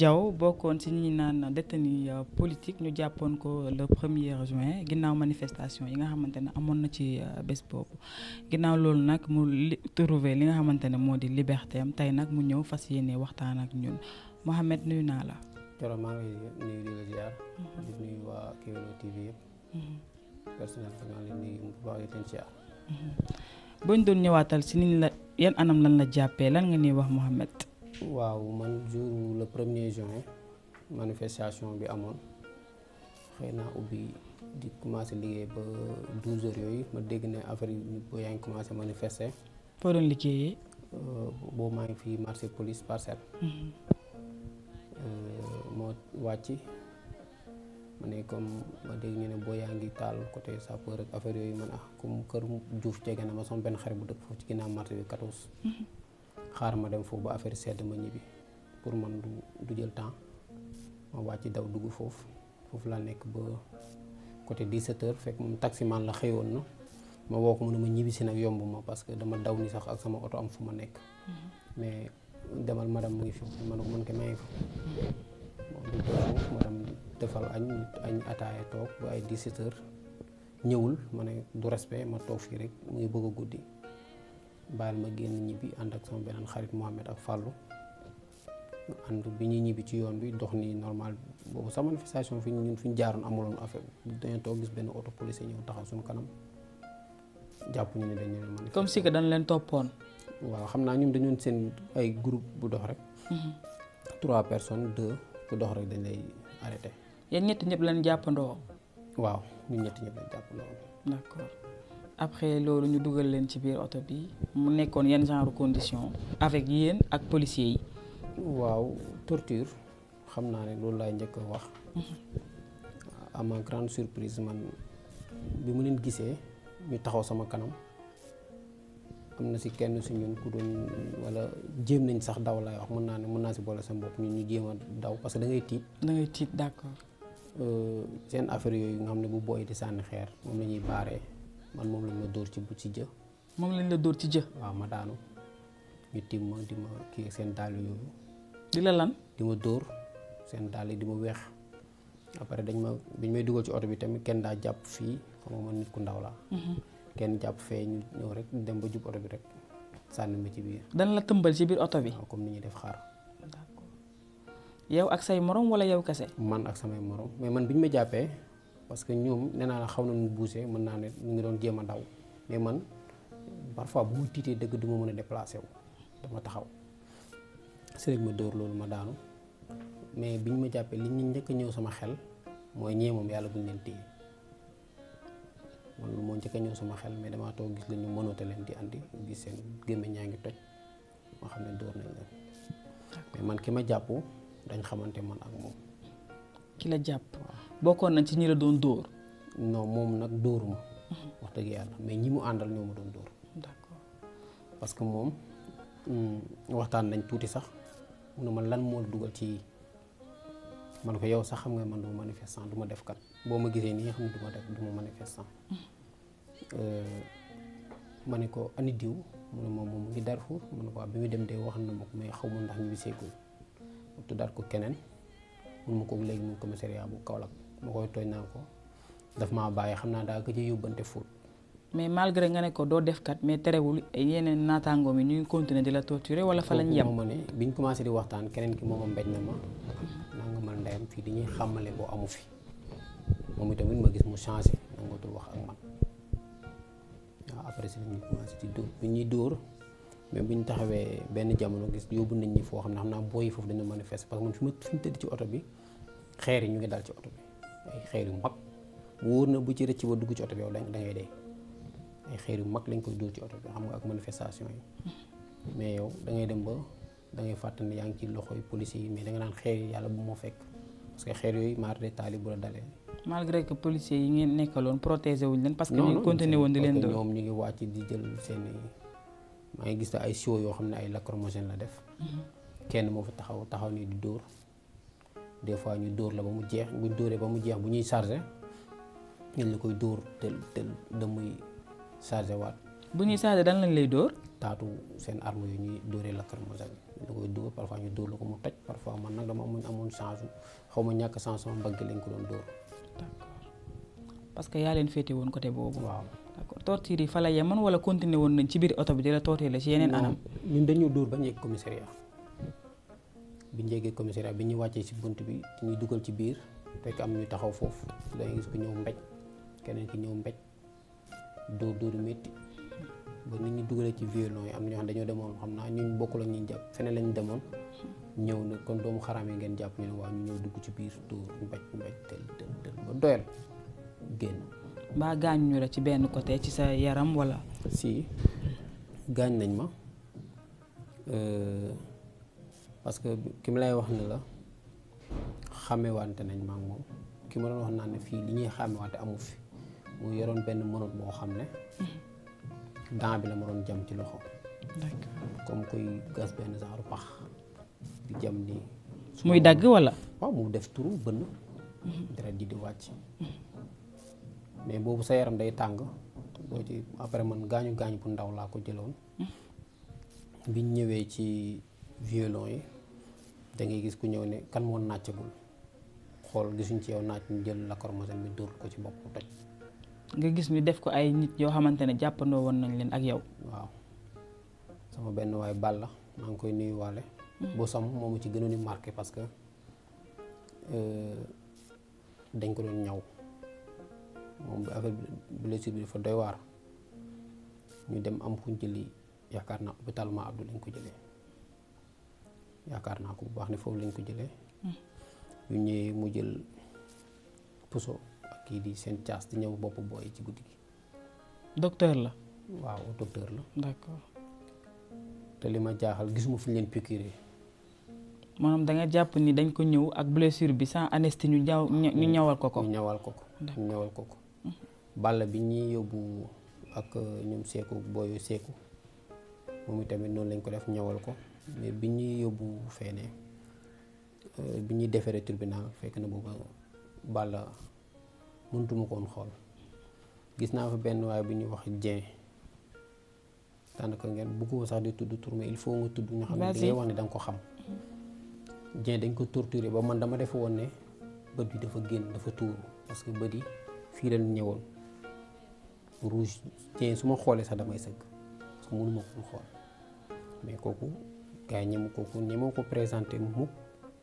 Diaw bokkoon ci ñi naan détenu euh, politique ñu jàppoon ko le premier juin ginnaaw manifestation yi nga xamante ne amoon na ci euh, bés boobu ginnaaw loolu nag mu trouvé li nga xamante ne moo di liberté am tey nag mu ñëw fas yéene waxtaan ak ñun Mohamed nuyu naa la. Thioro maa mhm. mhm. mhm. doon ñëwaatal ci niñ la yan anam lan la jàppee lan nga ñuy wax Mohamed. waaw man jour le premier juin manifestation bi amoon xëy naa di commencé ba 12 h yooyu ma dégg affaire ngi manifester. foo doon liggéeyee. Euh, police parcelle. Euh, moo wàcc ma ne comme ma ne côté ak affaire comme na xarit marché 14. xaar ma dem foofu ba affaire sedd ma ñibi pour man du du jël temps ma wàcc daw dugg foofu foofu laa nekk ba côté 17h fekk moom man la xëyoon na ma woo ko mu ne ma ñibbi si nag yomb ma parce que dama daw ni sax ak sama oto am fu ma nekk mhm. mais demal madame mu ngi fi ma ne ko mën kay maa fi mhm. du foofu madame defal añ añ ataaya toog ba ay 17h ñëwul ma ne du respect ma toog fii rek muy bëgg a guddi bal ma génn bi and ak sama benen xarit mohammed ak Fallou ànd bi ñi ñibbi ci yoon bi dox ni normal bobu sa manifestation fi ñun fi ñu jaaroon amuloon affaire dañu toog gis benn auto police ñew taxaw suñu kanam japp ñu ni dañu man comme si que dañ leen toppoon. waaw xamna ñun dañu seen ay groupe bu dox rek. Mhm. trois personnes deux bu dox rek dañ lay arrêter yeen ñet ñep leen jappando waaw ñun ñet ñep leen jappando d'accord après loolu ñu duggal leen ci biir oto bi mu nekkoon yenn genre condition avec yéen ak policiers yi. waaw torture xam naa ne loolu laay njëkk a wax. Mhm. à ma grande surprise man bi mu leen gisee ñu taxaw sama kanam am na si kenn si ñun ku doon wala jéem nañ sax daw lay wax mën naa ne mën naa si boole sa bopp ñun ñu jéem a daw parce que da ngay tiit. da ngay tiit d'accord. Euh, seen affaire yooyu nga xam ne bu booy di sànni xeer moom la ñuy baaree. man mom lañ la dóor ci bu ci jë mom lañ la dóor ci jë wa ma daanu ñu tim ma di ma sen dal yu yooyu di la lan di ma dóor seen dàll di ma weex après dañ ma biñ may duggal ci auto bi tamit kenn da japp fi xam nga man nit ku ndaw laa mhm. kenn japp fe ñu ñëw rek dem ba jup auto bi rek sanni ma ci biir dan la tëmbal ci biir auto bi comme ni ñuy def xaar d'accord yow ak say morom wala yow kasse man ak samay morom mais man biñ ma jappé parce que ñoom néna la xawna ñu bousé mën na né ñu ngi doon jéem ndaw mais man parfois bu tité deug duma mëna déplacer wu dama taxaw sëriñ ma door loolu ma daanu mais biñ ma jàppee li ñu ñëk ñëw sama xel mooy ñee moom yàlla buñ leen téye man moo njëkk a ñëw sama xel mais dama toog gis la ñu mënoote leen di andi gis seen gémmiñ ñaa toj ma xamné door dóor nañ leen mais man ki ma jàpp dañ xamanté man ak moom ki la japp bokkoon na ci ñi la doon door non moom nag dóoruma wax deug yalla mais ñi mu andal ñoo ma doon door d'accord parce que mom hmm waxtaan nañ tuuti sax mu ne ma lan mo duggal ci man ko yow sax xam nga man du manifestant duma def kat bo ma gisee ni xam duma def duma manifestant euh mané ko ani diw mu ne moom mu ngi darfu mu ne ko bi muy dem de wax na mako mais xawmu ndax ñu gisee ko tu tuddaat ko keneen mun ma ko léegi mu commissariat bu Kaolack ma koy tooñ naa ko daf maa bàyyi xam naa daa ko ci yóbbante fóot mais malgré nga ne ko doo def kat mais terewul yeneen naataangoom yi ñu ngi continuer di la torturer wala fa lañ yem ma ne biñ commencé di waxtaan keneen ki mooma mbéj na ma nangam man ndeyam fii di ñuy xàmmale boo amu fi moom itamit ma gis mu changé nangatul wax ak man waaw après si ñu commencé di dóor bi ñuy dóor mais bu ñu taxawee benn jamono gis yóbbu nañ ñi foo xam ne xam naa booyi foofu dañu manifester parce que man fi ma fi ñu tëdd ci oto bi xeer yi ñu ngi dal ci auto bi ay xeer yu mag wóor na bu ci rëcc ba dugg ci auto bi yow da ngay dee ay xeer yu mag lañ koy dóor ci auto bi xam nga ak manifestation yi mais yow da ngay dem ba da ngay ne yaa ngi ci loxoy police yi mais da nga naan xeer yi yàlla bu moo fekk parce que xeer yooyu maar de taali bu la dalee. malgré que policiers yi ngeen nekkaloon protégé wuñ leen. parce que ñu continué woon di leen doon ñoom ñu ngi wàcc di jël seen maa ngi gis ay siwo yoo xam ne ay lacromogène la def. Mhm. kenn moo fa taxaw taxaw ni di dóor. des fois ñu dóor la ba mu jeex buñ dóoree ba mu jeex bu ñuy chargé ñu la koy dóor te te damuy chargé waat. bu ñuy chargé dan lañ lay dóor. taatu seen arme yu ñuy dóoree lacrymogène ñu la koy dóor parfois ñu dóor la ko mu toj parfois man nag dama amuñ amoon chance xaw ma ñàkk chance sama mbagg lañ ko doon dóor. d'accord parce que yaa leen féete woon côté boobu. waaw d'accord torture yi fa la yemoon wala continuer woon nañ ci biir oto bi di la torturer la ci yeneen anam. ñun dañu dóor ba ñu bi ñu yeggee bi ñuy wàccee si bunt bi ñuy dugal ci biir fekk am ñu taxaw foofu da ngay gis ku ñëw mbéj keneen ki ñëw mbéj dóor dóoru métti ba nit ñi dugalee ci violon yi am na ñoo xam dañoo demoon xam naa ñu bokkul ak ñi jàpp feneen lañ demoon ñëw na kon doomu xaraam yi ngeen jàpp ñu ne dugg ci biir dóor mbéj mbéj tël tël tël doyal génn. mbaa gaañuñu la ci benn côté ci sa yaram wala. si gaañ nañ ma. Euh, parce que kim lay wax ni la wante nañ ma mom kim la wax naa fi li ñi xamé wante amu fi mu yoron ben monot bo xamné ne bi la ma doon jam ci loxo comme kuy gas ben genre pax di jam ni muy dag wala wa mu def turu ben mhm. dara di di wacc mhm. mais bobu sa yaram day tang bo ci après man gañu gañu bu ndaw la ko jëlone mhm. biñ ñëwé ci violon yi da ngay gis ku ñëw ne kan moo nàccagul xool gisuñ ci yow naaj ñu jël lacrymogène bi dóor ko ci bopp toj nga gis ñu def ko ay nit yoo xamante ne jàppandoo woon nañ leen ak yow waaw sama benn waay Balla maa ngi koy nuyuwaale mm. bu sam moomu ci gënoon ni marqué parce que euh, dañ ko doon ñaw moom bi affaire blessure bi dafa doy waar ñu dem am fuñ jëli yaakaar naa hôpital Ma Abdou lañ ko jëlee yaakaar naa ko bu baax ne foofu lañ ko jëlee. Hmm. ñu ñëwee mu jël puso ak kii di seen caas di ñëw bopp booy ci guddi gi. docteur la. waaw docteur la. d'accord. te li ma jaaxal gisuma fu ñu leen piqûre. maanaam da nga jàpp ni dañ ko ñëw ak blessure bi sans anesthésie ñu ñaw ñawal ko ko. ñawal ko ko ñu ñawal ko ko. Hmm. bàll bi ñuy yóbbu ak ñoom seeku booyu seeku moom itamit noonu lañ ko def ñawal ko. mais bi ñuy yóbbu feene euh, bi ñuy defaree tribunal fekk na booba Balla mëntuma koon xool gis naa fa benn waaye bu ñuy wax Dieng daanaka ngeen bëgguma sax di tudd tur mais il faut nga tudd ñu xam ne li ngay wax ne danga ko xam Dieng dañ ko torturé ba man dama def woon ne bët bi dafa génn dafa tuuru parce bët yi fii lañ ñëwoon rouge Dieng su ma xoolee sax damay sëgg parce mënuma koon xool mais kooku gars yi ñi mu ko ñi mu ko présenté mu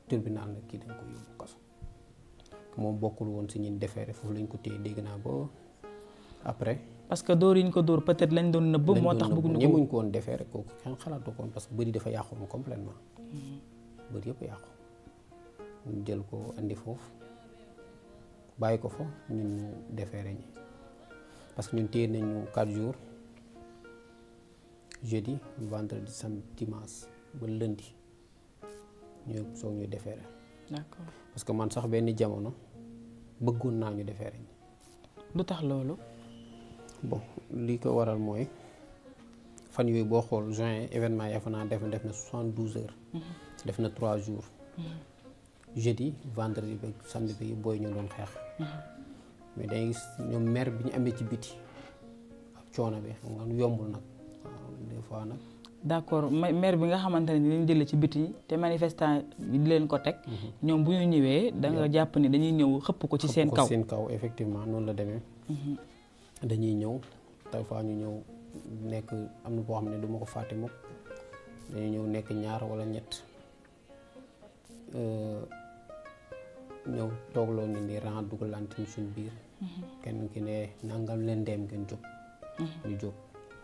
tribunal nag kii dañ ko yóbbu kaso moom bokkul woon si ñun defeere foofu lañ ko téye dégg naa ba après. parce que dóor yi ñu ko door peut-être lañ doon nëbb. moo tax bëgg na ko ñemuñ ko woon defeere kooku kenn xalaatu ko parce que bëri dafa yàqu moom complètement mm-hmm. bëri yëpp yàqu ñu jël ko indi foofu bàyyi ko fo ñun ñu defeere ñi parce que ñun téye nañu 4 jours jeudi vendredi samedi dimanche. ba lëndi ñu soog ñu defeere d'accord que man sax benn jamono bëggoon naa ñu defeere lu tax loolu bon li ko waral mooy fan yooyu boo xool juin événement yaa fa def na def na soixante douze heures mhm. def na trois jours mhm. jeudi vendredi ba samedi bi booy ñu doon xeex mhm. mais dangay gis ñoom mer bi ñu amee ci biti ak coono bi xam nga yombul nag waaw nag d' accord maire bi nga xamante ne dañu jëlee ci biti te manifestant di leen ko teg. Mhm. ñoom bu ñu ñëwee da jàpp ni dañuy ñëw xëpp ko ci seen kaw kaw effectivement noonu la demee. Mhm. ñëw des fois ñu ñëw nekk am na boo xam ne du ma ko fàtte mukk dañuy ñëw nekk ñaar wala ñett euh, ñëw toogloo ñu ni biir. Mhm. kenn ki ne nangam leen dem ngeen jóg.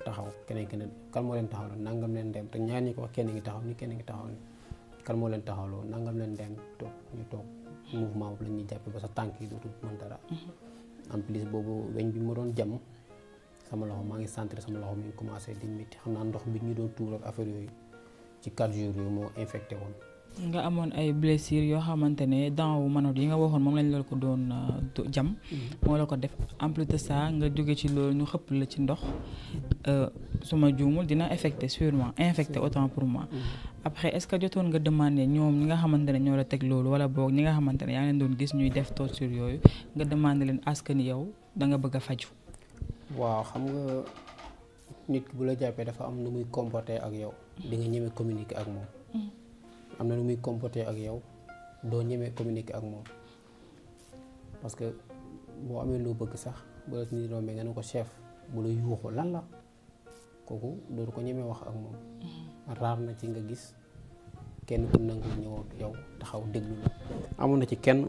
taxaw keneen keneen kan moo leen taxaw nangam leen dem te ñaar ñi ko wax kenn ngi taxaw ni kenn ngi taxaw ni kan moo leen taxaw nangam leen dem toog ñu toog mouvement boobu la ñuy jàppe ba sa tànk yi dootul mën dara mm-hmm. en plus boobu weñ bi ma doon jam sama loxo maa ngi centré sama loxo mi ngi commencé di métti xam naa ndox bi ñu doon tuur ak affaire yooyu ci 4 jours yooyu moo infecté woon nga amone ay blessures yo xamantene dans wu manou yi nga waxone mom lañ la ko doon euh, jam. Mm-hmm. mo la ko def en de ça nga ci lool ñu la ci ndox euh suma dina sûrement infecté autant pour moi. Mm-hmm. après est-ce que tu nga demandé ñom ñi nga xamantene ñoo la tek lool wala bok ñi nga xamantene ya doon gis ñuy def torture nga demandé len askan yow da nga bëgg waaw xam nga nit la comporter ak yow. Mm-hmm. di nga communiquer ak mom am lu muy comporter ak yow doo ñemee communiquer ak moom parce que boo amee loo bëgg sax bu la nit nga ne ko chef bu la yuuxu lan la kooku dootu ko ñemee wax ak moom mm-hmm. raar na ci nga gis kenn ku nangu ñëw ak yow taxaw déglu la amoon na ci kenn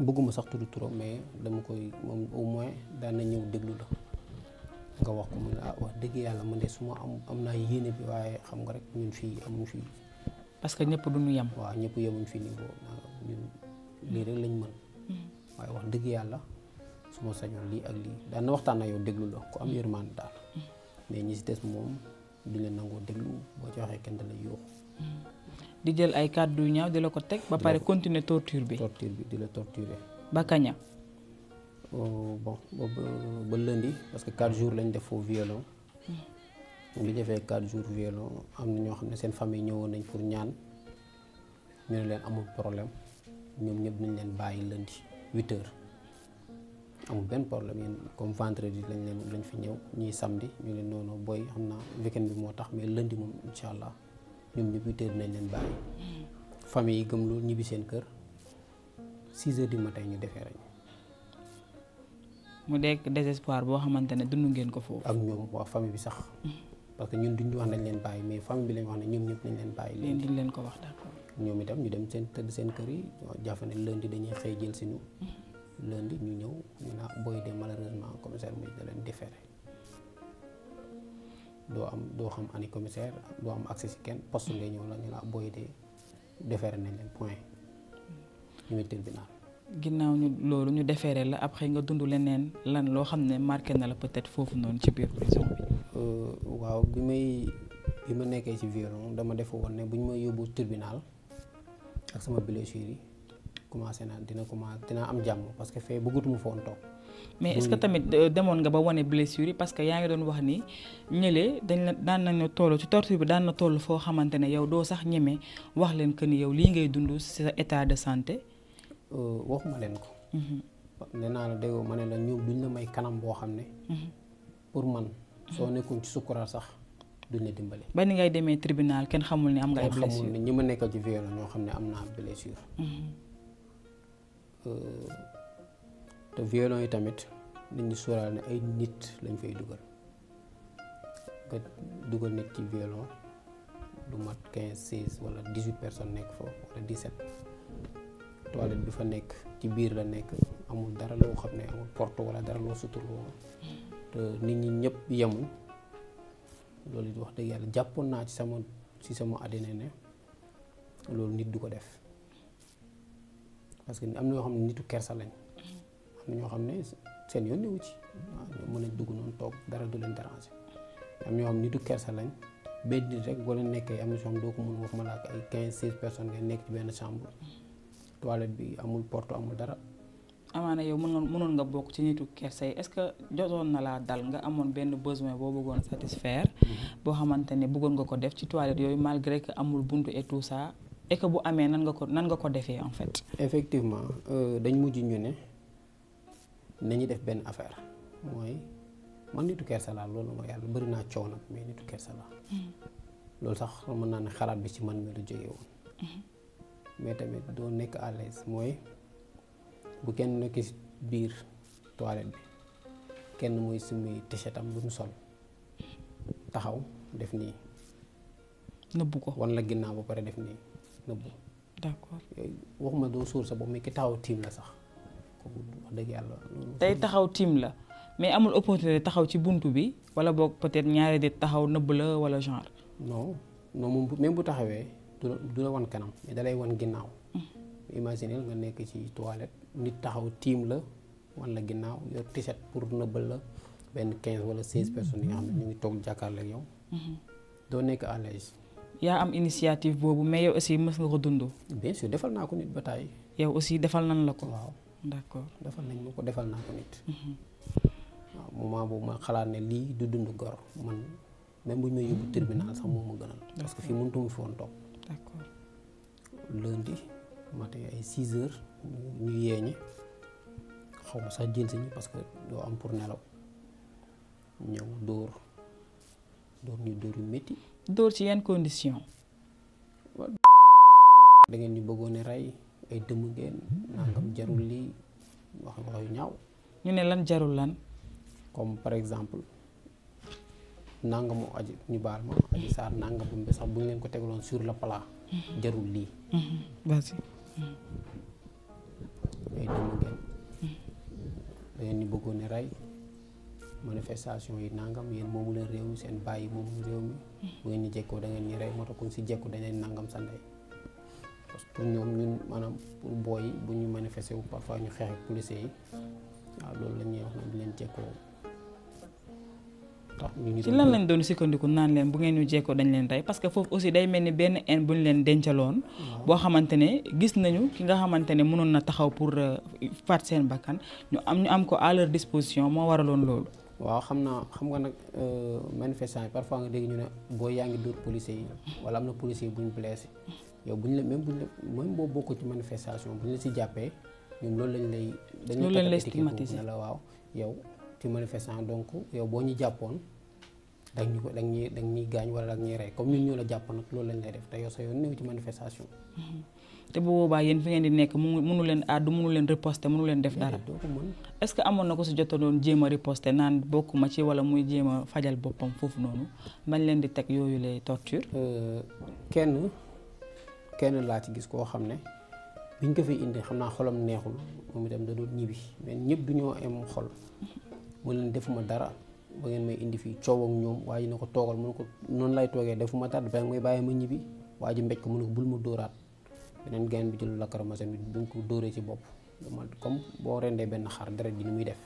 bëgguma sax tudd turam mais dama koy moom au moins daan na ñëw déglu la nga wax ko mu ne ah dëgg yàlla man de su ma am am naa yéene bi waaye xam nga rek ñun fii amuñ fii parce que ñëpp du ñu yem. waaw ñëpp yemuñ fi niveau ñun lii rek lañ mën. Hmm. waaye wax dëgg yàlla su ma sañoon lii ak lii daan na waxtaan ak yow déglu la ku am hmm. yërmande daal. Hmm. mais ñi si des moom du nangoo déglu boo ci kenn da lay di jël ay kàddu yu ñaaw di la ko teg. ba pare continuer torture bi. torture bi di la torturer. ba kaña. Oh, bon ba ba lundi parce que 4 jours lañ def foo violon. lu defee quatre jours vélo am na ñoo xam ne seen famille ñëwoon nañ pour ñaan ñu ne leen amul problème ñoom ñëpp nañ leen bàyyi lundi huit heures amul benn problème yéen comme vendredi lañ leen lañ fi ñëw ñii samedi ñu leen noonu booy xam naa weekend bi moo tax mais lundi moom incha allah ñoom ñëpp huit heures nañ leen bàyyi. famille yi gëm loolu ñibbi seen kër six heures du matin ñu defee rek. mu dekk désespoir boo xamante ne dund ngeen ko foofu. ak ñoom waa famille bi sax. parce que ñun duñ wax nañ leen bàyyi mais famille bi lañ wax ne ñoom ñëpp nañ leen bàyyi. léegi duñ leen ko wax ñoom itam ñu dem seen tëdd seen kër yi jafe ne lundi dañuy xëy jël si ñu. Mhm. ñu ñëw ñu naan booy de malheureusement commissaire bi da leen différé doo am doo xam ani commissaire doo am accès si kenn poste ngay ñëw la ñu naan booy de différé nañ leen point mhm. ñu ngi tribunal. ginnaaw ñu loolu ñu defeere la xëy nga dund leneen lan loo xam ne marqué na la peut-être foofu noonu ci Euh, waaw bi may bi ma nekkee ci violon dama def woon ne bu ñu ma yóbbu tribunal ak sama blessure yi commencé naa dina commencé dinaa am jàmm parce que fee bëggatuma foon toog. mais est-ce tamit euh, demoon nga ba wone blessure yi parce que yaa ngi doon wax ni ñële dañ la daan nañu toll ci torture bi daan na toll foo xamante ne yow doo sax ñeme wax leen que ni yow lii ngay dund ci sa état de santé. Euh, waxuma leen ko. Mhm. nee naa la déggoo ma ne la ñoom duñ la may kanam boo xam ne. Mhm. soo nekkoon ci sukkuraat sax duñ la dimbali ba ngay demee tribunal kenn xamul ni am nga ay blessure xamul ne ñi ma nekkal ci violon ñoo xam ne am naa blessure. Mm-hmm. Euh, te violon yi tamit dañuy sóoraal ne ay nit lañ fay dugal nga dugal nit ci violon du mat quinze seize wala dix huit personnes nekk foofu wala dix sept toilette bi fa nekk ci biir la nekk amul dara loo xam ne amul porte wala dara loo suturloo te euh, nit ñi ñëpp yemuñ loolu it wax dëgg yàlla jàppoon naa ci sama ci sama àddina ne loolu nit du ko def parce que am na ñoo xam ne nitu kersa lañ am ñoo xam ne seen yoon newu ci mën a dugg noonu toog dara leen déranger am ñoo nitu kersa lañ benn nit rek boo leen nekkee am na soo xam doo ko mën wax ma laak ay quinze seize personnes nga nekk ci benn chambre toilette bi amul porte amul dara amaana yow mënoon mënoon nga bokk ci nitu kersa yi est-ce que jotoon na laa dal nga amoon benn besoin boo bëggoon satisfaire mm-hmm. boo xamante ne bëggoon nga ko def ci toilette yooyu malgré que amul buntu et tout ça et bu amee nan nga ko nan nga ko defee en fait. effectivement euh, dañ mujj ñu ne nañu def benn affaire mooy man nitu kersa laa loolu mooy yàlla bëri naa coow nag mais nitu kersa laa. Mm-hmm. loolu sax mën naa ne xalaat bi ci man mi la jóge woon. Mm-hmm. mais tamit doo nekk à mooy. bu kenn nekk ci biir toilette bi kenn muy summi tisetam bu sol taxaw def nii nëbbu ko wan la ginnaaw ba pare def nii nëbbu d'accord waxuma doo suur sa bopp mais taxaw tiim la sax dëgg yàlla tey taxaw tiim la mais amul opportunité taxaw ci bunt bi wala boog peut-être ñaari de taxaw nëbb la wala genre non non moom même bu taxawee du la wan kanam mais da wan ginnaaw mm. imaginer nga nekk ci toilette nit taxaw tiim la la ginnaaw yor tiset pour nëbbal la benn quinze wala seize personnes yi nga xam ne ñu ngi toog jàkkaarloo ak yow. Mhm. doo nekk à yaa am initiative boobu mais yow aussi mës nga ko dund. bien defal naa ko nit ba tàyyi. yow aussi defal na la ko. waaw d'accord defal nañ ma ko defal naa ko nit. Mhm. waaw moment boobu ma xalaat ne lii du dund gor man même bu ñu may yóbbu tribunal sax moo ma gënal. parce que fii mënutuma fi woon toog. d'accord lundi. matee ay 6 heures ñu yéñi xaw ma sax jël si parce que do am pour nelaw ñëw dóor dóor ñu dóor yu métti. dóor ci yeen condition da ngeen ñu bëggone ray ay dëmm ngeen nangam jarul li wax wax yu ñaaw. ñu ne lan jarul lan. comme par exemple nangamu aji ñu baal ma aji sa nangam bu mbé sax bu ngeen ko tegaloon sur le plat. Mhm. jarul lii. Mhm. vas-y. ay dëmm ngeen bëggoon a rey manifestation yi nangam yéen moomu leen réew mi seen bàyyi moomu réew mi bu ngeen ñu jekkoo da ngeen ñu rey moo tax kuñ si jekku dañ leen nangam sa ndey parce que pour ñoom ñun pour booy bu ñu manifesté wu parfois ñu xeex ak policiers yi waaw loolu la wax nag di leen jekkoo ci lan lañ doon sukkandiku naan leen bu ngeen ñu jekkoo dañ leen rey parce que foofu aussi day mel ni benn haine bu ñu leen dencaloon. boo xamante ne gis nañu ki nga xamante ne mënoon na taxaw pour euh, faat seen bakkan ñu am ñu am ko à disposition moo waraloon loolu. waaw xam naa xam nga nag euh, manifestant yi parfois nga dégg ñu ne boo yaa ngi dóor policiers yi wala am na policiers yi bu ñu blessé yow bu ñu la même bu ñu la même boo bokkoo ci manifestation bu ñu la si jàppee ñoom loolu lañ lay. dañu la stigmatiser la waaw yow. tu manifestant donc yow boo ñu jàppoon dañ ñu ko dañ ñuy dañ ñuy gaañ wala dañ ñuy rey comme ñu ñoo la jàpp nag loolu lañ lay def te yow sa yoon néew ci manifestation. Mm-hmm. te bu boobaa yéen fi ngeen di nekk mu mënu leen àddu mënu leen riposter mënu leen def dara. est que amoon na ko si jotoon jéem a riposter naan bokkuma ci wala muy jéema fajal boppam foofu noonu bañ leen di teg yooyu lay torture. Euh, kenn kenn laa ci gis koo xam ne biñ ko fi indi xam naa xolam neexul moom itam da doon ñibbi mais ñëpp du xol. Mm-hmm. mu leen defuma dara ba ngeen may indi fii coow ñoom waa ji na ko toogal mu ne ko noonu lay toogee defuma dara ba may bàyyi ma ñibbi waa ji mbéj ko mu ne ko bul ma dóoraat beneen gain bi jël lakaramasam bi bu dóoree ci bopp dama comme boo rendee benn xar deret ji ni muy def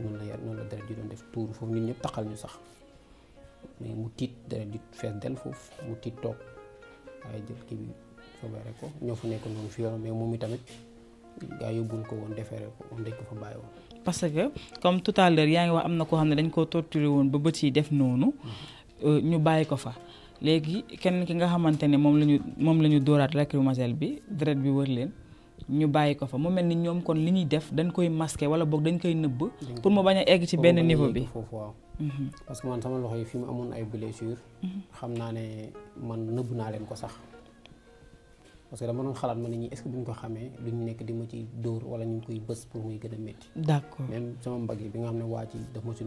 noonu la noonu la deret def tuur foofu ñun ñëpp taxal ñu sax mu tiit deret ji fees del foofu mu tiit toog waaye jël kii bi sobere ko ñoo fu nekk noonu fi yoon mais moom i tamit gaa yóbbuñ ko woon defeere ko woon dañ ko fa bàyyi woon parce que comme tout à l'heure yaa ngi wax am na koo xam ne dañ koo torturé woon ba bët yi def noonu euh, ñu bàyyi ko fa léegi kenn ki nga xamante ne moom la ñu moom la ñu dóoraat lacrymogène bi deret bi wër leen ñu bàyyi ko fa mu mel ni ñoom kon li ñuy def dañ koy masqué wala boog dañ koy nëbb pour mu bañ a egg ci benn niveau bi foofu waaw mhm. parce que man sama loxo yi fi mu amoon ay blessure mhm. xam naa ne man nëbb naa leen ko sax parce que dama doon xalaat ma ne ñii est bu ñu ko xamee lu ñu nekk di ma ci dóor wala ñu ngi koy bës pour muy gën a métti. d'accord même ne waa ci daf ma si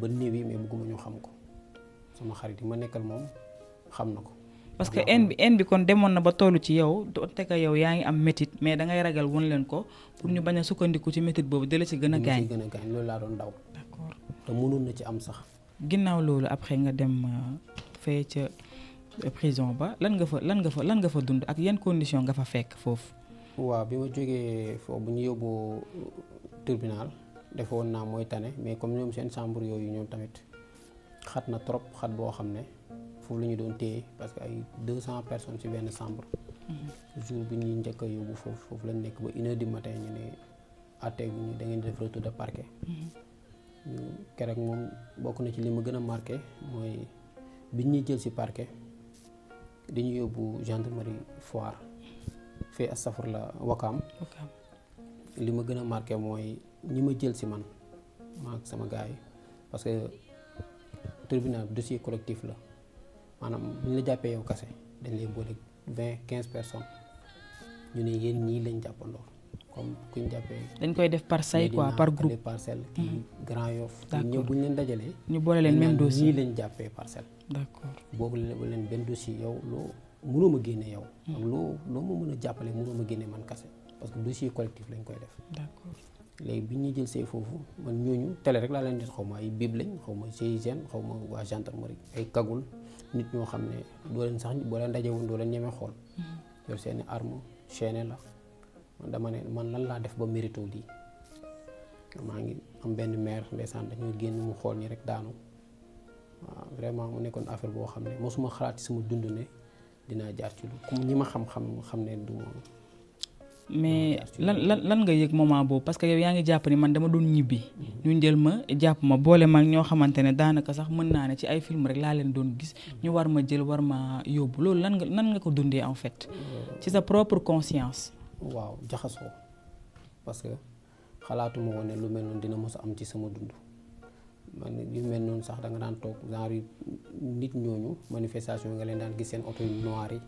ba néew yi mais bëgguma ñu xam xarit yi ma nekkal moom xam na ko. parce que en bi en bi kon demoon na ba toll ci yaw donte que yow yaa ngi am métit mais da ragal woon leen ko pour ñu bañ a sukkandiku ci métit boobu dala ci gën a gaañ. gën a gaañ loolu laa doon daw. d'accord te mënoon na ci am sax. ginnaaw loolu après nga dem euh, fee ca Euh, prison ba lan nga fa lan nga fa lan nga fa dund ak yan condition nga fa fekk fof wa bi ma jógee foofu bu ñu yobbu tribunal defo na moy tane mais comme ñom sen chambre yoyu ñom tamit xatna trop xat bo xamne ne lu ñu don téye parce que ay 200 personnes ci ben chambre mhm. jour bi ñi ñëk yobbu fof fof foofu lañ nekk ba 1h du matin ñu ne até ñu da ngeen def retour de parquet mhm. ñu keroog moom bokk na ci li gëna marqué moy biñ ñi jël ci parquet di yóbbu gendarmerie Foire fee astafur la Wakaam. li ma gën a marqué mooy ñi ma jël si man ma ak sama gars parce que tribunal dossier collectif la maanaam bu ñu la jàppee yow kase dañ lay boole vingt quinze personne ñu ne yéen ñii lañ jàppandoo. comme kuñ jàppee. dañ koy def par say quoi par groupe parcelle kii mhm. Grand Yoff. d'accord ñëw ñu leen dajalee. ñu boole leen même dossier ñii lañ jàppee parcelle. d'accord boobu leen benn dossier yow loo mënoo ma génne yow. Mhm. ak loo loo ma mën a jàppale mënoo ma génne man kase parce que dossier collectif lañ koy def. d'accord léegi bi ñu jël say foofu man ñooñu télé rek laa leen di xaw ma ay bib lañ xaw ma GIGN xaw ma waa gendarmerie ay kagul nit ñoo xam ne doo leen sax boo leen daje woon doo leen ñeme xool. Mhm. yor seen i arme la. man dama ne lan laa def ba mérito lii maa ngi am benn maire ndeysaan dañoo génn mu xool nii rek daanu waaw vraiment mu nekkoon affaire boo xam ne mosuma xalaat suma dundu ne dinaa jaar ci lu ñi ma xam-xam xam ne du ma mais lan lan lan nga yëg moment boobu parce que yow yaa ngi jàpp ni man dama doon ñibbi. Mhm. ñu jël ma jàpp ma boole ma ñoo xamante ne daanaka sax mën naa ne ci ay film rek laa leen doon gis mhm. ñu war ma jël war ma yóbbu loolu lan nga lan nga ko dundee en fait. Euh, ci sa propre conscience. waaw jaxasoo parce que xalaatuma woon ne lu mel noonu dina mos a am ci sama dund man yu mel noonu sax da nga daan toog genre nit ñooñu manifestation yi nga leen daan gis seen oto yu noir yi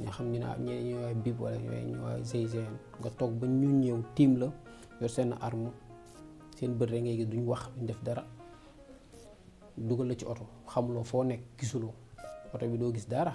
nga xam ñu ne ñooy ñooy bib wala ñooy ñooy GIGN nga toog ba ñu ñëw tiim la yor seen arme seen bët rek ngay gis duñ wax duñ def dara dugal la ci oto xamuloo foo nekk gisuloo oto bi doo gis dara.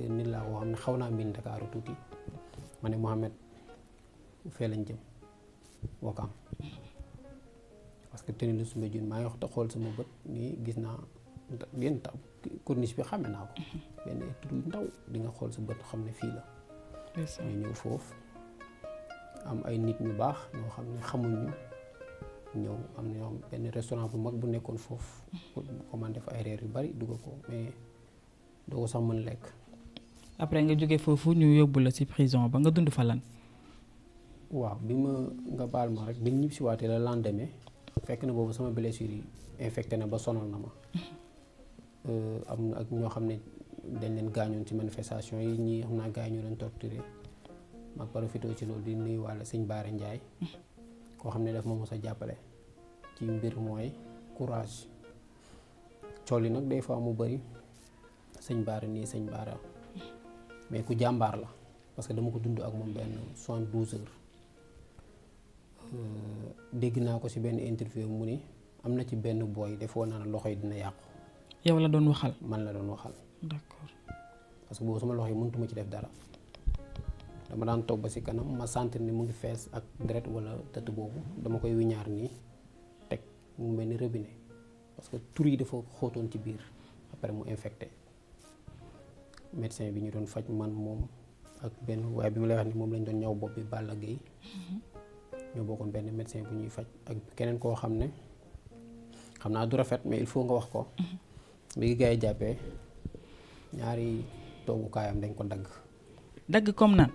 que nit laa koo xam ne xaw naa miin Dakar tuuti ma ne Mouhamed fee lañ jëm Wakaam parce que tenu suma jun maa ngi wax te xool sama bët nii gis naa benn taw corniche bi xame naa ko mm-hmm. benn tur ndaw di xool sa bët xam ne fii la ñu ñëw foofu am ay nit ñu baax ñoo xam ne xamuñ ñu ñëw am na ñoo xam benn restaurant bu mag bu nekkoon foofu mm-hmm. commandé fa ay reer yu bari dugg ko mais doo ko sax mën lekk après nga jóge foofu ñu yóbbu la ci prison ba nga dund fa lan. waaw bi ma nga baal ma rek bi ñu ñibbisiwaatee la lendemain fekk na boobu sama blessure yi infecté na ba sonal na ma. Euh, am na ak ñoo xam ne dañ leen gaañoon ci manifestation yi ñii xam naa gaañoo leen torturé ma profité ci loolu di nuyuwaale sëñ Baara Ndiaye. koo xam ne daf ma mos a jàppale. ci mbir mooy courage. tool yi nag day fois mu bëri sëñ Baara nii sëñ Baara. mais ku jàmbaar la parce que dama ko dund ak moom benn soixante-douze heures euh, dégg naa ko ci benn interview mu ni am na ci benn booy defoo naa loxo yi dina yàqu. yow la doon waxal. man la doon waxal. parce que boobu sama loxo yi mënutuma ci def dara dama daan toog ba ci kanam ma sant ni mu ngi fees ak deret walla tëtt boobu dama koy wiñaar nii teg mu mel ni robinet parce que tur yi dafa xootoon ci biir après mu infecté. médecin bi ñu doon faj man moom ak benn waaye bi ma lay wax ni moom lañ doon ñaw bopp bi Balla gay mm-hmm. ñoo bokkoon benn médecin bu ñuy faj ak keneen koo xam ne xam naa du rafet mais il faut nga wax ko mm-hmm. bi ngi gars yi jàppee ñaari toogukaayam dañ ko dagg dagg comme nan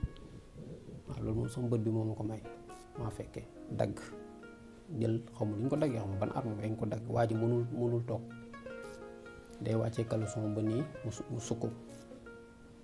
waaw loolu moom sama bët bi moom ko may maa fekkee dagg jël xamul ñu ko daggee xamu ban arme dañ ko dagg waa ji mënul mënul toog day wàccee caleçon ba nii mu sukk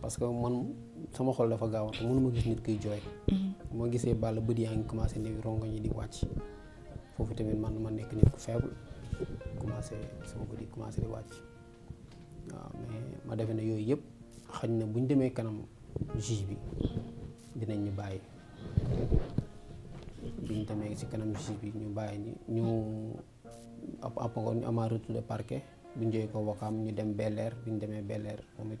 parce que man sama xol dafa gaaw te mënuma gis nit kuy joy moo mhm. gisee bàll bët yaa ngi commencé ni rongo ñi di wàcc foofu tamit man ma nekk nit ku faible commencé sama bët yi commencé di wàcc waaw mais ma defe ne yooyu yëpp xañ na buñ demee kanam juge bi dinañ ñu bàyyi biñ demee si kanam juge bi ñu bàyyi ni ñu ap ap apakoon ñu amaa retour de parquet buñ jógee ko wakaam ñu dem belleer buñ demee belleer moom it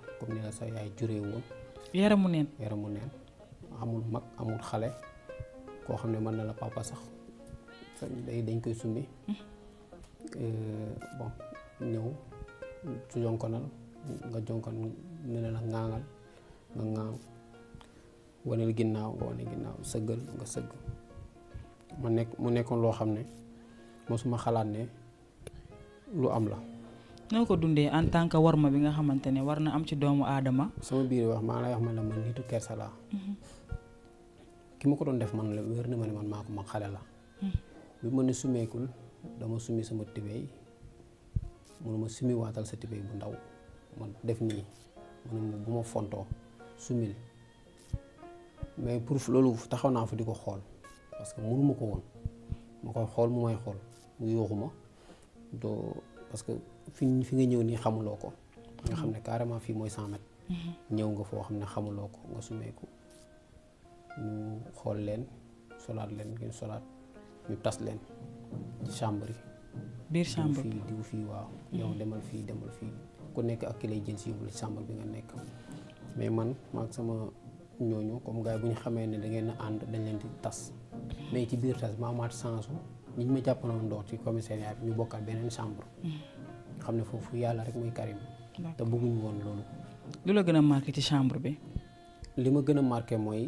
comme ni la sa yaay juré woon yaramu nen yaramu nen amul mak amul xalé ko xamné man na la papa sax day dañ koy euh bon ñëw su jonkonal nga jonkon ne ne la ŋaaŋal nga ŋaaŋ waneel ginnaw nga wane ginnaaw nga seug ma nek mu nekkon lo xamné ne mosuma xalaat né lu am la noo ko dundé en tant que warma bi nga xamantene warna am ci doomu adama sama biir wax ma lay wax man la man nitu kersa laa. Mhm. ki ma ko doon def man la wér na ne man maa ko mag xale la. Mhm. bi ma ne sumeekul dama sumi sama tibéy munuma sumi watal sa tibéy bu ndaw man def nii munuma bu ma sumil mais pour lolu taxaw na fa diko xol parce que mënuma ko won mako xol mu may xol mu yoxuma do parce que fi fi nga ñëw nii xamuloo ko nga xam ne carrément fii mooy cent ñëw nga foo xam ne xamuloo ko nga sumeeku ñu xool leen solaat leen ngeen solaat ñu tas leen ci chambre yi biir fii waaw yow demal fii demal fii ku nekk ak ki lay si yóbbu nga nekk mais man maag sama ñooñu comme gars yi bu ñu xamee ne da ngeen ànd dañ leen di tas mais ci biir tas ma amaat sensu ñi ñu ma jàppaloon door ci commissariat bi ñu bokkaat beneen chambre xam ne foofu yàlla rek mooy Karim te bëgguñ woon loolu lu la gën a marqué ci chambre bi li ma gën a marqué mooy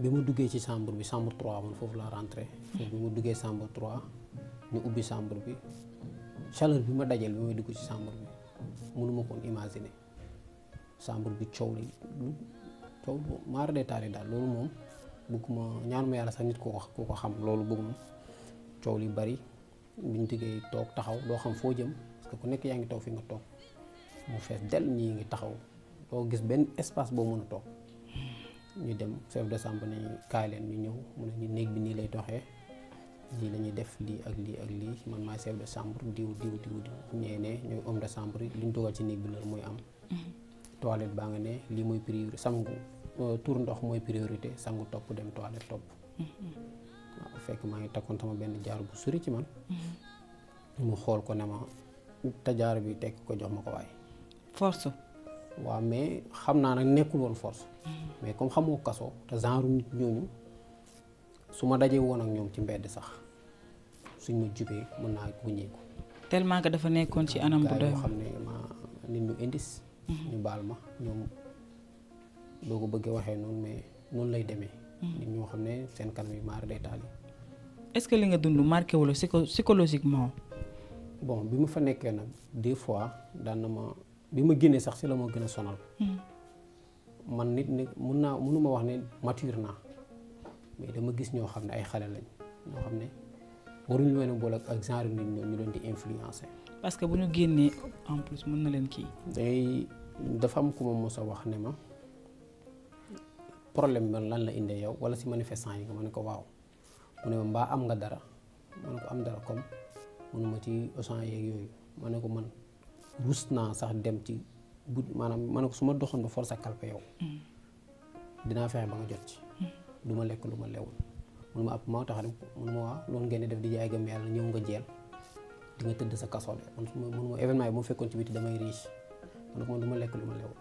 bi ma duggee ci chambre bi chambre 3 man foofu la rentré bi ma duggee chambre 3 ñu ubbi chambre bi bi ma dajal bi may dugg ci chambre bi mënuma koon imaginer chambre bi coow li lu coow maar détaillé daal loolu moom bëgguma ñaan ma yàlla sax nit ku ko ku xam loolu bëgguma coow li bari buñ duggee toog taxaw doo xam foo jëm que ku nekk yaa ngi toog fi nga toog mu fees dell ñii ngi taxaw doo gis benn espace boo mën a toog ñu dem chef de chambre ne kaay leen ñu ñëw mu ne ñu néeg bi nii lay doxee lii la def lii ak lii ak lii man maay chef de chambre diw diw diw diw ñee ne ñooy homme de chambre li ñu ci néeg bi loolu mooy am toilette baa nga ne lii mooy priorité sangu euh, tour ndox mooy priorité sangu topp dem toilette topp waaw fekk maa ngi takkoon sama benn jaar bu sori ci mm-hmm. ma tajaar bi tekk ko jox ma ko waaye. force. waaw mais xam naa nag nekkul woon force. mais comme xamoo kaso te genre nit ñooñu su ma dajee woon ak ñoom ci mbedd sax suñ ma jubee mën naa guñeeku. tellement que dafa nekkoon ci anam bu doy. xam ne ma nit ñu indis. Mhm. ñu baal ma ñoom doo ko bëggee waxee noonu mais noonu lay demee. Mhm. nit ñoo xam ne seen kanam yi maar day taal. est li nga dund marqué la psychologiquement. bon bima fa nekké nak des fois dan na ma bima guéné sax ci la mo gën sonal hmm. man nit ni mënuma wax né mature na mais dama gis ño xamné ay xalé lañ ño xamné waru ñu leen bol ak ak genre nit ñoo ñu leen di influencer. parce que bu ñu en plus mën na leen ki day dafa am ku ma mos wax né ma problème lan la indé yow wala si manifestant yi nga ma ko waaw mu ma am nga dara ko am dara comme ma ci Auchan yeek yooyu ma ne ko man rus naa sax dem ci bu maanaam ma ne ko su ma doxoon ba force ak kalpe yow mm. dinaa fexe ba nga jot ci mm. du ma lekk lu ma lewul ma ab maa tax dem mënuma waa loolu ngeen di def di jaay gëm yàlla ñëw nga jeel di nga tëdd sa kasoo de man ma événement yi bu ma fekkoon ci biti damay riche ma ne ko man du ma lekk lu ma lewul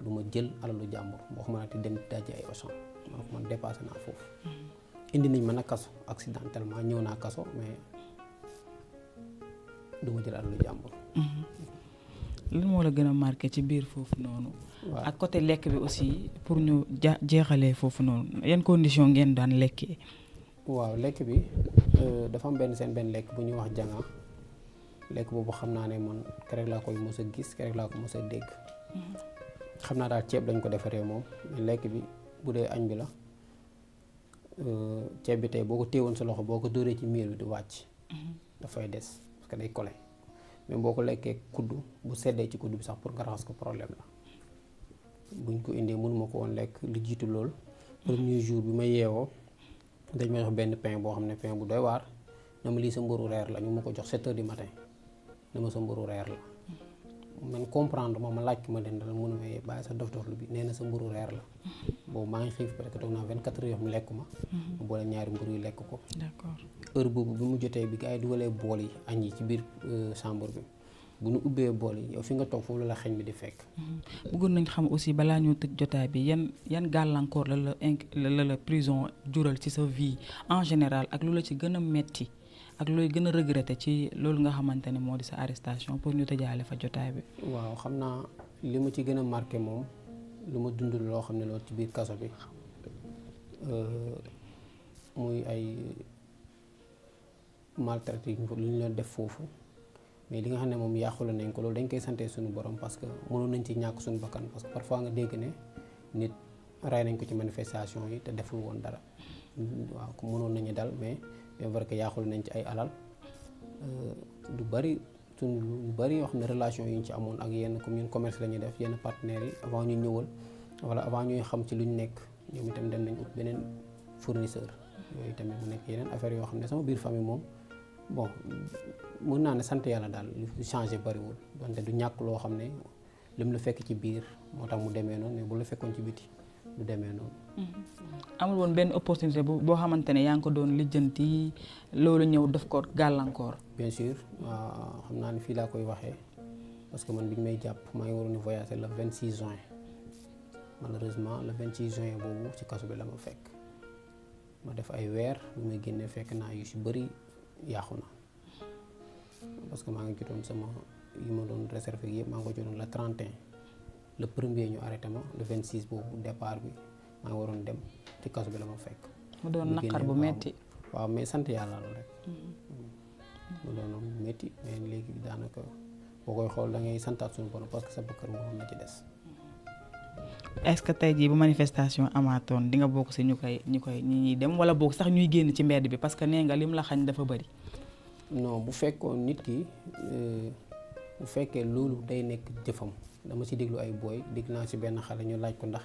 du ma jël lu jàmbur wax ma te dem daje ay Auchan ma ne ko man dépassé naa foofu mm. indi nañ ma nag kaso accidentellement ñëw naa kaso mais du ma jël alalu jàmbur. Mm-hmm. lan moo la gën a marqué ci biir foofu noonu. ak côté lekk bi aussi pour ñu ja jeexalee foofu noonu yan condition ngeen daan lekkee. waaw lekk bi euh, dafa am benn seen benn lekk bu ñuy wax janga lekk boobu xam naa ne man keroog laa koy mos a gis keroog laa ko mos a dégg. Mm-hmm. xam naa daal ceeb lañ ko defaree moom lekk bi bu dee añ bi la euh, ceeb bi tey boo ko téewoon sa loxo boo ko dóoree ci miir bi du wàcc. Mm-hmm. dafay des. que day collé même boko ko lekkee kuddu bu sédé ci kuddu bi sax pour nga raxas ko problème la buñ ko indé mënu mako won lekk li jitu lool premier jour bi ma yéwo dañ ma jox benn pain bo xamné pain bu doy war na ma lii sa mburu reer la ñu mako jox 7 h du matin na ma sa mburu reer la man comprendre moom ma laaj ki ma leen dal mun ma eh, bàyyi sa dof dof lu bi nee na sa mburu reer la mhm. boobu maa ngi xiif parce que toog naa vingt quatre heures mu lekk ma ma mhm. boole ñaari mburu yi lekk ko heure boobu bi mu jotee bi gars dugalee bool yi añ yi ci biir euh, chambre bi bu ñu ubbee bool yi yow fi nga toog foofu la xeñ bi di fekk mhm. bëggoon nañ xam aussi balaa ñu tëj jotaay bi yan yan gàllankoor la la la prison jural ci sa vie en général ak lu la ci gën a ak looy gën a regretter ci loolu nga xamante ne moo di sa arrestation pour ñu tëjaale fa jotaay bi. waaw xam naa li ma ci gën a marqué moom lu ma dund loo xam ne loolu ci biir kaso bi euh, muy ay maltraité yu ñu leen def foofu mais li nga xam ne moom yàqule nañ ko loolu dañ koy sante suñu borom parce que mënoon nañ ci ñàkk suñu bakkan parce que parfois nga dégg ne nit rey nañ ko ci manifestation yi te deful woon dara waaw mënoon nañu dal mais. Ya, bien vrai que yaaxul nañ ci ay alal du bari suñ lu bari wax na relation yi ñu ci amone ak yenn comme ñun commerce lañu def yenn partenaire yi avant ñu ñëwul wala avant ñuy xam ci luñ nekk ñoom itam dem nañ ut benen fournisseur yoy itam mu nekk yenen affaire yo xamne sama biir famille mom bon mën naa ne sant yàlla daal lu changé wul donte du ñàkk loo xam ne lim la fekk ci biir moo tax mu demee noonu mais bu la fekkoon ci biti du demee noonu amul woon benn opportunité bo boo xamante ne yaa ngi ko doon lijjanti loolu ñëw def ko gàllankoor. bien sûr xam naa ni fii laa koy waxee parce que man bi ñu may jàpp maa ngi waroon voyager le 26 juin malheureusement le 26 juin boobu ci kaso bi la ma fekk ma def ay weer bi may génnee fekk naa yu si bëri yàqu na parce que maa ngi jotoon sama yi ma doon réservé yëpp maa ngi ko jotoon le 31 le premier ñu arrêté ma le 26 boobu départ bi. maa waroon dem ci kaso bi la ma fekk. mu doon naqar bu metti waaw mais sant yàlla la rek. mu doon metti mais léegi daanaka boo koy xool da ngay santaat suñu borom parce que sa bakkar moom na ci des. est-ce que tey jii bu manifestation amaatoon di nga bokk si ñu koy ñu koy ñi ñuy dem wala bokk sax ñuy génn ci mbedd bi parce que nee nga lim la xañ dafa bëri. non bu fekkoon nit ki eh, bu fekkee loolu day nekk jëfam dama si déglu ay booy dégg naa si benn xale ñu laaj ko ndax.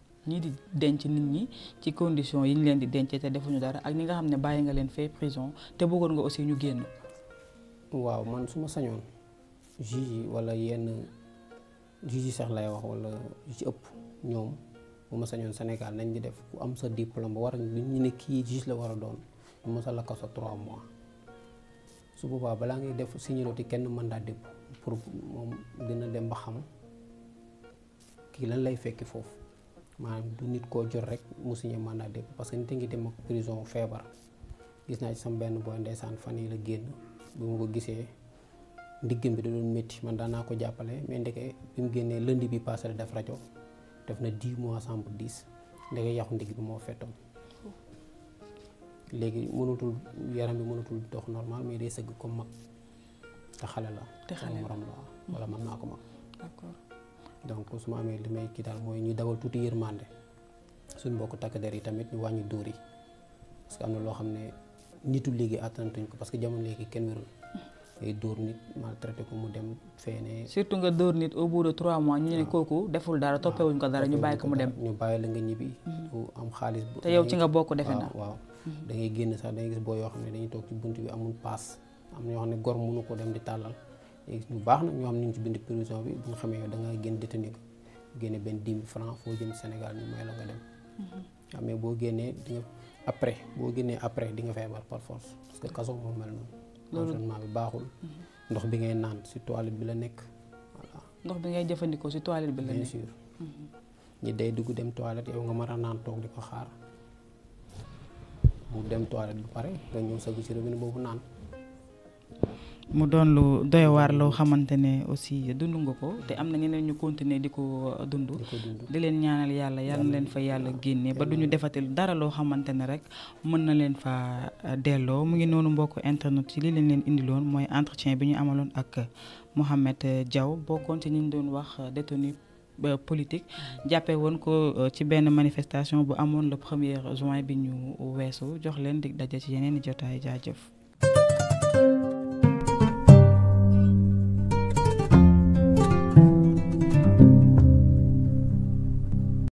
ñii di denc nit ñi ci condition yi ñu leen di dencee te defuñu dara ak ñi nga xam ne bàyyi nga leen fee prison te bëggoon nga aussi ñu génn. waaw man su ma sañoon juge yi wala yenn juge yi sax lay wax wala yu ci ëpp ñoom bu ma sañoon Sénégal nañ di def ku am sa diplôme ba war ñu ne kii juge la war a doon ñu mos a sa kaso trois mois su boobaa balaa ngay def signalooti kenn mandat dépôt pour moom dina dem ba xam kii lañ lay fekki foofu. maanaam du nit koo jot rek musuñu signé mandat de parce que nit a ngi dem ak prison feebar gis naa ci sama benn booy ndeysaan fan yi la génn bi ma ko gisee ndiggam bi da doon métti man daan naa ko jàppale mais ndeke bi mu génnee lundi bi passé la def rajo def na 10 mois sans pour 10 ndeke yàqu ndigg bi moo fettoon léegi mënutul yaram bi mënutul dox normal mais day sëgg comme mag te xale la. te xale la morom la hmm. wala man naa ko mag. d'accord. donc su ma amee li may kii daal mooy ñu dawal tuuti yërmande suñ bokk takk der yi tamit ñu wàññi dóor yi parce am na loo xam ne nitu léegi àttanatuñ ko parce que jamono léegi kenn wérul ngay dóor nit maltraité ko mu dem feene surtout nga dóor nit au bout de trois mois ñu ne kooku deful dara toppewuñ ko dara ñu bàyyi ko mu dem ñu bàyyi la nga ñibbi mhm. du am xaalis te yow ci nga bokk defe na waaw da ngay génn sax da gis boo yoo xam ne dañuy toog ci bunt bi amul paas am na yoo xam ne gor mënu ko dem di tàllal léegi bu baax nag ñoo xam ne ñu ci bind prison bi bu nga xamee yow da nga génn détenu ko génne benn dix mille foo jëm Sénégal ñu may la nga dem. Mhm. boo génnee nga après boo génnee après di nga feebar par force parce que kaso moo mel noonu. environnement bi baaxul. Mhm. ndox bi ngay naan si toilette bi la nekk ndox bi ngay jëfandikoo si toilette bi la nekk ñi mhm. day dugg dem toilette yow nga mën a naan toog di ko xaar mu dem toilette bu pare nga ñëw sëgg ci robinet boobu naan. mu doon lu doy loo xamante ne aussi dund nga ko te am na ñeneen ñu continuer di ko uh, dund di leen ñaanal yàlla yal na leen fa yàlla génne ba du ñu defatil dara loo xamante ne rek mën na leen fa uh, delloo mu ngi noonu mbokk internet ci li leen leen indiloon mooy entretien bi ñu amaloon ak uh, Mouhamed Diaw bokkoon ci ñu doon wax détenu politique mm. jàppee woon ko ci benn manifestation bu amoon le premier juin bi ñu weesu jox leen dig daje ci yeneen i jotaay jaajëf